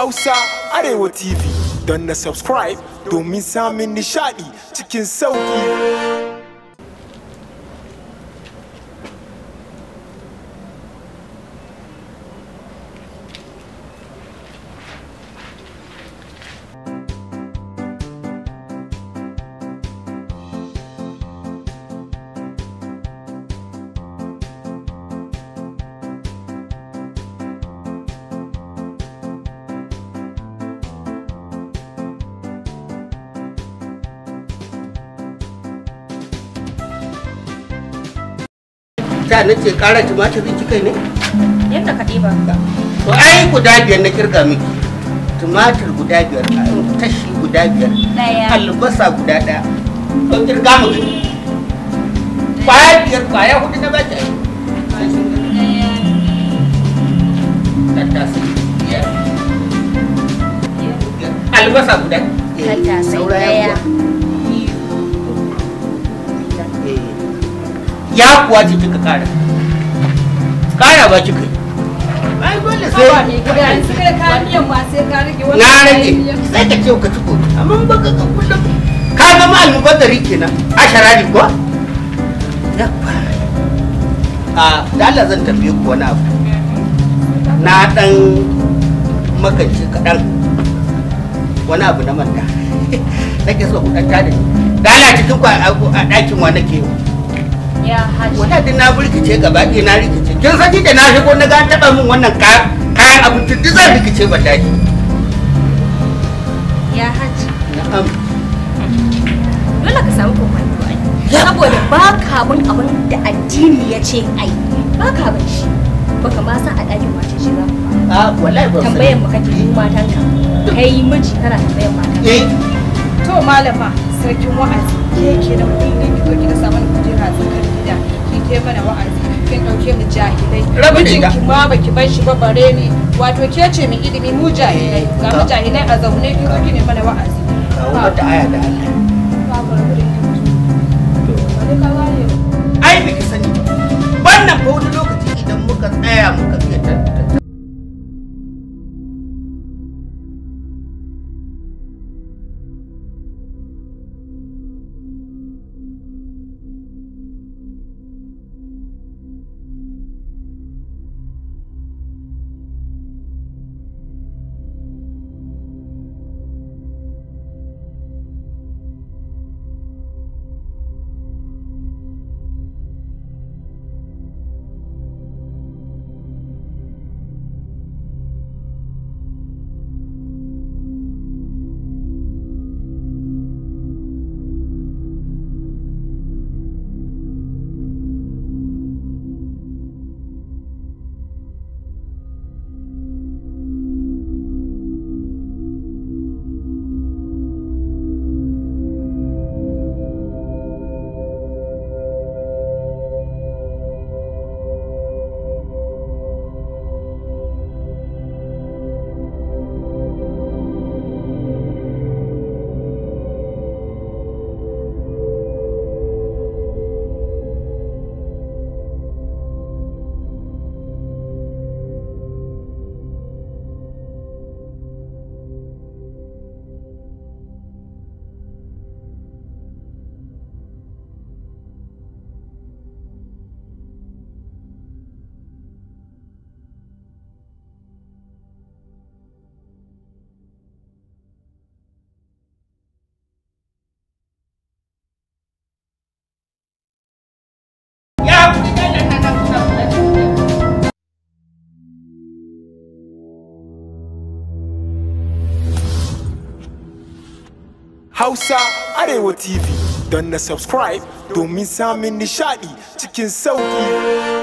Hausa Arewa TV don na subscribe domin samun nishaɗi cikin sauƙi. sa na ce ƙara tumatirin ki kai ne? Yadda ka ɗiba. To ai guda biyar na kirga miki. Tumatir guda biyar, tashi guda biyar, albasa guda ɗaya. kirga mu Kwaya biyar, kwaya hudu na baki Tattasai Albasa guda. ya kuwa ce kika kara kara ba kika yi ai dole sai ba mai gida yanzu kada ka miyan ma sai ka rage wani na rage sai ka ce ka ci ko amma ba ka ka kullum ka ga ma rike kenan a sharari ko ya kwa a da zan tafi ko wani abu na dan makance kadan wani abu na manta nake so ku dan tada da Allah cikin ku a ɗakin wa nake yau ya haji wannan din na burkice gaba ɗaya na rikice kin sani da na shigo na ga taɓa min wannan kayan abinci duk zan rikice wallahi ya haji na'am dole ka samu kokwanto ai saboda ba ka bin abin da addini ya ce ai ba ka bin shi baka ma san a ɗakin wace shi za a wallahi ba tambayar mu kake yi matan ka kai miji kana tambayar matan eh. to malama sarkin wa'azi ke ke da kuɗi ne ki ɗauki ka samu da kujera tsakar gida ki ke mana wa'azi kin ɗauke mu jahilai mijin ki ma ki bar shi ba bare ni wato ke ce mai ilimi mu jahilai ga mu jahilai a zaune ki zo ki ne mana wa'azi ba wata aya da Allah ai biki sani wannan fa wani lokaci Hausa Arewa TV don na subscribe domin samun nishaɗi cikin sauƙi.